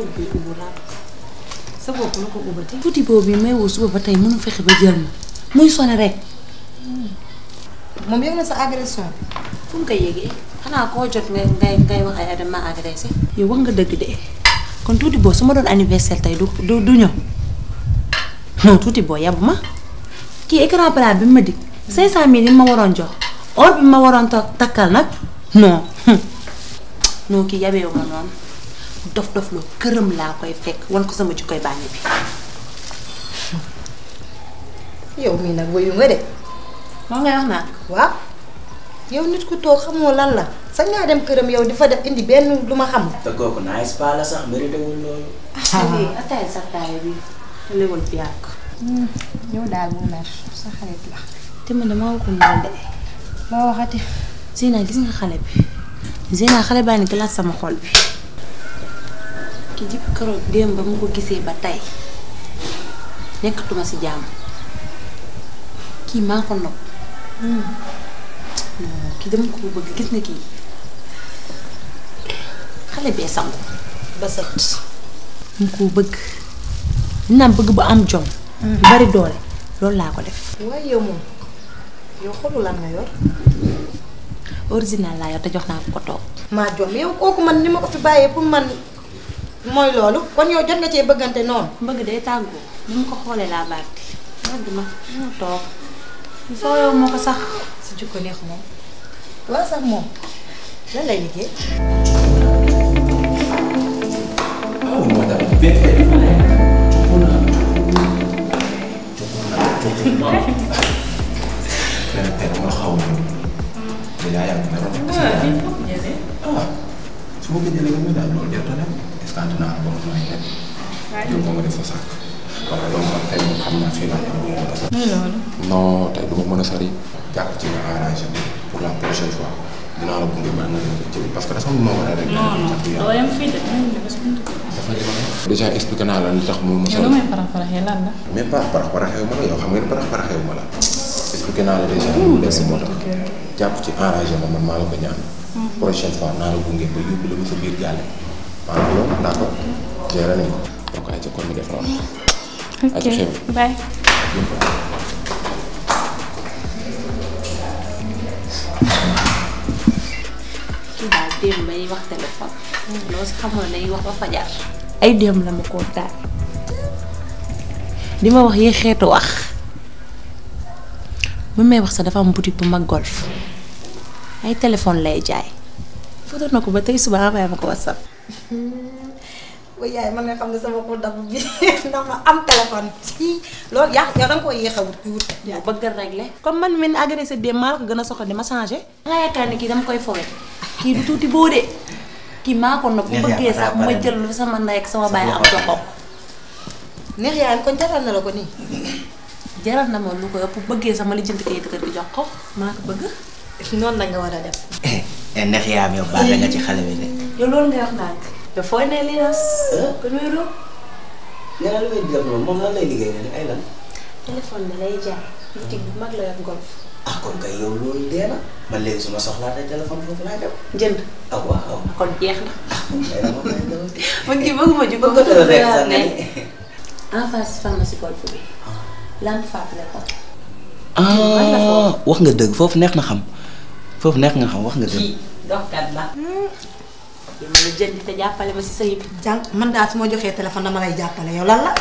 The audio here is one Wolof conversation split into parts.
bopp sa bopp la ko tuuti boobu bi may woo suba ba tey mënu fexe ba jël ma muy sone rek. moom yëg na sa agression. fu mu ko yëgee xanaa koo jot ngay ngay ngay wax ay dama agressé. yow wax nga dëgg de kon tuuti boo su ma doon anniversaire tey du du du ñëw non tuuti boo yabu ma kii écran plat bi ma dig 500000 yi ma waroon jox or bi ma waroon takkal nag non non kii yabeewu ma dof dof loo këram laa koy fekk wan ko sama jikkoy bàññi bi yow mii nag wayu nga de moo ngay wax naa waaw yow nit ku toog xamoo lan la sax ngaa dem këram yow di fa def lu ma xamul. te kooku nice pas la sax mérité wul loolu. Ah, ah. bi léwal bi yàq. yow daal la. te man damaa waxul moom de. gis nga xale bi Zeyna xale baa ngi sama xol bi. barki jib keroog démb ba mu ko gisee ba tey nekkatuma ci jàmm kii maa ko nopp hmm. Hmm, kii dama ko bëgg gis na kii xale bee sangu ba set mu ko bëgg naam bëgg bu am jom hmm. bari doole loolu laa ko def waaye yow moom yow xolu lan nga yor original laa yor te jox naa ko toog maa jom yow kooku man ni ma ko fi bàyyee pour man mooy loolu kon yow jot nga cee bëggante noonu. mbëgg day tàggoo ni mu ko xoolee laa baati bëgg ma mu toog soo yow moo ko sax si jukko neex moom waaw sax moom su ma ko jëlee nga daal loolu jot sant naa la ba mu nooy lépp. yow ba ma def sa sànq. waaw loolu man tey moom xam naa fii naa ko mën a sori. non tey du ma mën a sori. jàpp ci nga arrangé pour la prochaine fois dinaa la gunge ba nga jëm parce que dafa am lu ma war a rek. non non doo yem fii de dafa li ma ne. déjà expliqué naa la li tax moom. ma sori yow lu may parax paraxee lan la. mais pas parax paraxee ma la yow xam nga ni parax paraxee ma la. expliqué naa la déjà. lu demee moo tax jàpp ci arrangé ma man maa la ko ñaan. Mm-hmm. prochaine fois naa la gunge ba yóbbu la ba sa biir gàlle. waaw loolu d' accord gérer wax téléphone. ma li ma wax yi xeetu wax. bu may wax sax dafa am boutique bu mag golf. ay téléphone lay jaay. foto na ko ba tey suba envoyé ma ko whatsapp. waaye yaay man nga xam ne sama xul dab bi ndax ma am téléphone loolu yaa yow da nga koo yéex a wut wut. yaa bëgg a réglé. comme man mii agressé de maa la ko gën a soxla di ma changé. nga yaakaar ne kii dama koy fowe kii du tuuti boo de kii maa ko ma jël sama ndey ak sama baay ko. neex na la ko nii. jaral na ma lu ko ëpp bëggee sama li jënd kayit kër gi jox ko maa ko bëgg. noonu la nga war a def. Eh, neex yaa am yow baax nga ci xale bi de. yow loolu nga wax nag yow fooy ne lii liggéey ay lan. téléphone bi lay jaay. boutique bu mag la yor kon ma soxlaatee téléphone foofu laa dem. jënd. ah waaw kon wax nga dëgg foofu neex na xam foofu neex nga xam wax nga dëgg. kii doxkat la. ma la te jàppale ma si sa yëpp. jàng man daal su ma joxee téléphone dama lay jàppale yow lan la.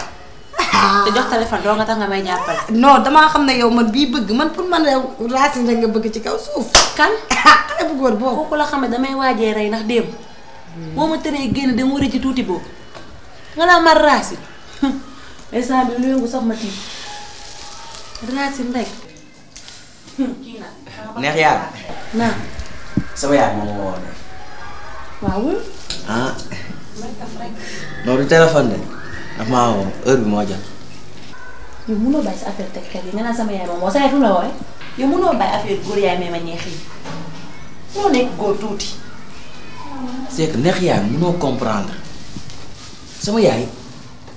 te jox téléphone doo nga tax nga may jàppale. non dama xam ne yow man bii bëgg man pour man yow racine rek nga bëgg ci kaw suuf. kan xale bu góor boobu. kooku la xam ne damay waajee rey ndax démb. moo hmm. ma tëree génn dama war a ci tuuti boobu. nga laa mar racine. instant lu yëngu sax ma tiit. racine rek. waaw. ah. téléphone de dafa maa woo heure bi moo jot. yow mënoo bàyyi sa affaire teg xel yi nga naan sama yaay moom moo sa yaay fu mu la woowee. yaay may ma ñeex yi moo nekk góor tuuti. c'est que neex yaay mënoo comprendre sama yaay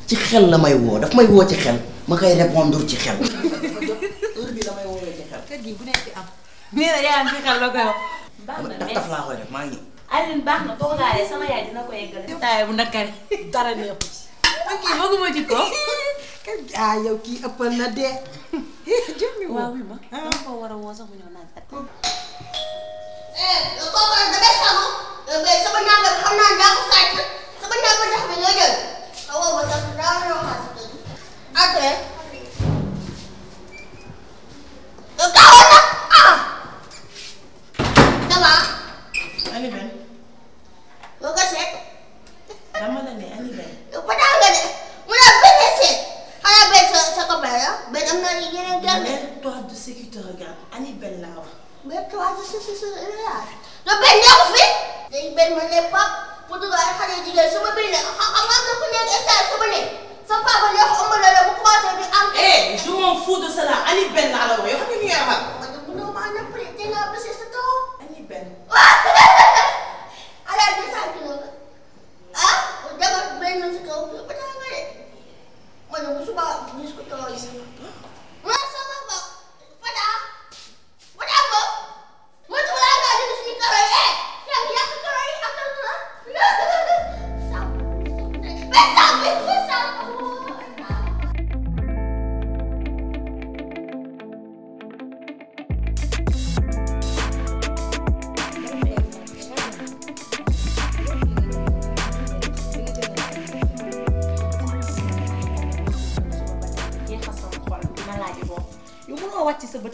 ci xel la may woo daf may woo ci xel ma koy répondre ci xel. heure bi la bu am. nee na ci xel la koy wax. taf taf laa koy def maa ngi ñëw. Aline baax na boo gaalee sama yaay dina ko yeggale. taay bu nakari dara neexu ci. kii bëgguma ci ko. ah yow kii ëppal na dee. jëmmi woo ma ah. dama ko a mu ñëw naan te regarde Aliou Ben laa wax. mais toi si si si la benn nekk fi. léegi benn ma ne pap bu dugg ay xale jigéen su ma benn xam nga ku nekk état su ma ne sa papa nekk ëmb la la bu commencé di am. eh je m'en fous de cela Aliou Ben laa la wax yow xam nga ni nga wax.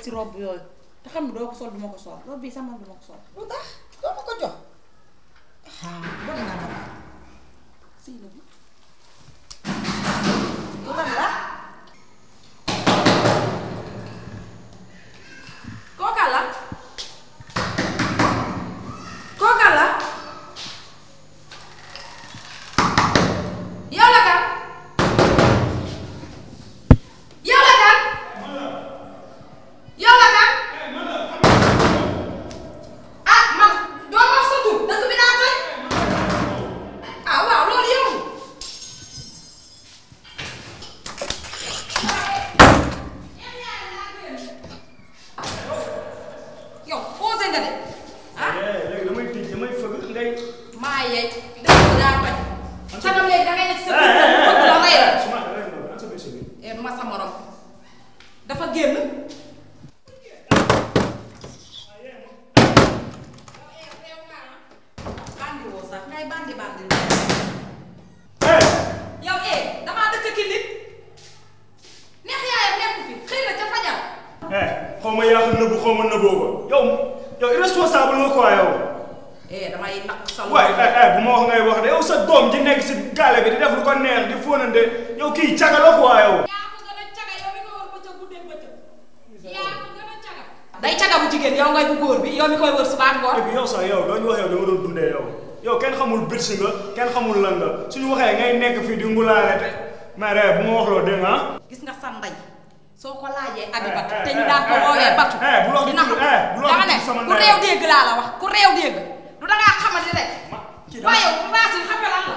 si robe yooyu te xam ne doo ko sol du ma ko sol robe bi sax moom du ma ko sol. responsable nga quoi yow. eh damay naq sa waay ay eh, eh, bu ma wax ngay wax de yow sa doom ji nekk si gaale bi di def lu ko neex di fóonante yow kii caga ko gën a caga yow mi ko wër bëccëg guddee bëccëg. yaa a caga. day caga jigéen yow ngay bu góor bi yow mi koy wër suba ak eh, yow doo ñu wax yow da nga dundee yow yow kenn xamul bët si nga kenn xamul la nga ñu waxee ngay nekk fii di ngulaale te mais bu ma wax loo dégg nga. Ah. gis nga sa ndey soo ko laajee eh, abi batu eh, te ñu eh, daan ko woowee batu dina xam dama ne ku réew dégg laa la wax ku réew dégg du dangaa xamante rek waaye bu baax si xam nga lan la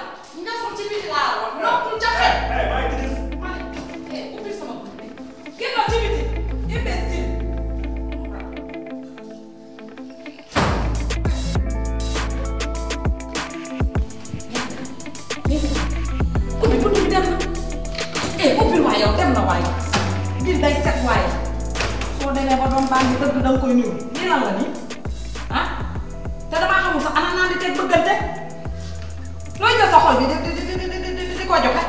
baa ngi bëgg da nga koy nuyu lii la nii ah te damaa xamul sax ana naan di teg bëggante looy jël sa xol bi di di di ko joxe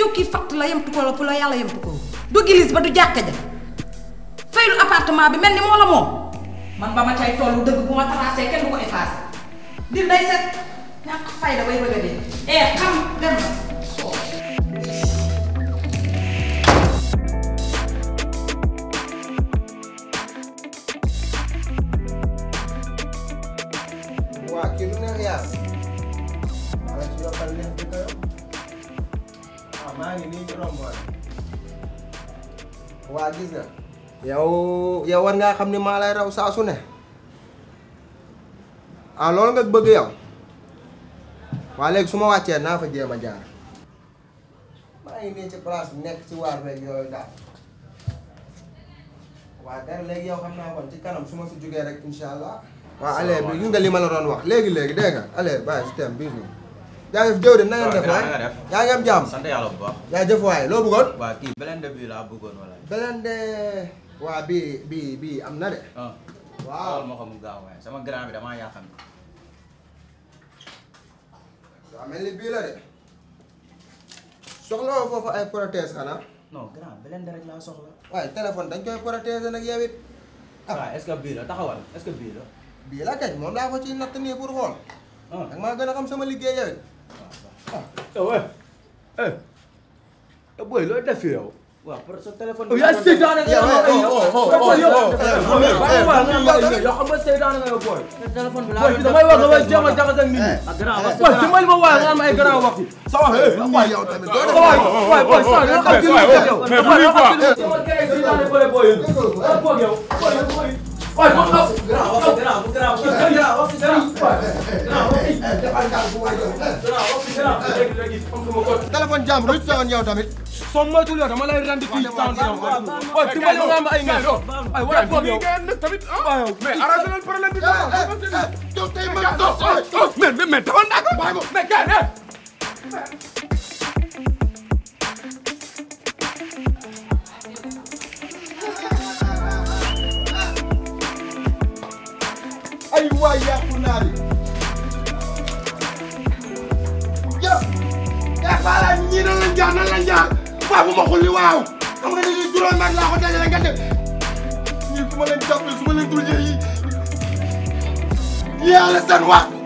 yow kii fatt la yemtu ko la fu la yàlla yemtu ko du gilis ba du jàkka ja faylu appartement bi mel ni moo la moom man ba ma cay tollu dëgg bu ma tracé kenn du ko effacé di day set ñàkk fayda bay bëgg a dee eh, xam dem maa ngi nii romboon waa gis nga yow yow war ngaa xam ni maa lay raw saa su ne ah loolu nga bëgg yow waa léegi su ma wàccee naa fa jéem a jaar maa ngi nii ci place nekk ci waar beeg yooyu daal waa dara léegi yow xam naa kon ci kanam su ma si jógee rek incha allah. waaw allez bi gis nga li ma la doon wax léegi léegi dégg nga allez bàyyi si thème bii jaajëf jëw de na ngeen def waay am sant yàlla bu baax jaajëf waay loo bëggoon waaw kii blende bi laa bëggoon am na de ah. waaw moo sama grand bi xam daa mel la de soxla foofu ay protège xanaa non grand blende rek laa soxla waaye téléphone dañ koy protège nag yow it ah. Ah, bii la taxawal est que bii la kañ moom laa ko ci natt nii pour xool ak maa gën a xam sama liggéey yow boy looy def fii yow. waaw parce que téléphone. yaa seytaane nga yow xam nga seytaane nga yow booy. téléphone bi laa wax nga ma jéem a jaxase nit ñi. ak grand wax waaw dimbali ma waaye nga am ay grand wax. sa wax waay yow tamit. waay waay waay sa yoo xam ne yow. mais bu ñu quoi. waay ma xam. grand wax grand wax grand wax grand wax. téléphone jàmm lu ci yow tamit. soo moytuwul yow dama lay rendi fii temps bi yow. waaw dimbali nga am ay ngeen. ay wala foofu yow tamit ah. mais arrangé leen problème bi. mais mais mais may jaar faa bu ma xulli waaw xam nga ni juróomi man laa ko dajale nga def ñii su ma leen jàppale su ma leen dul seen wax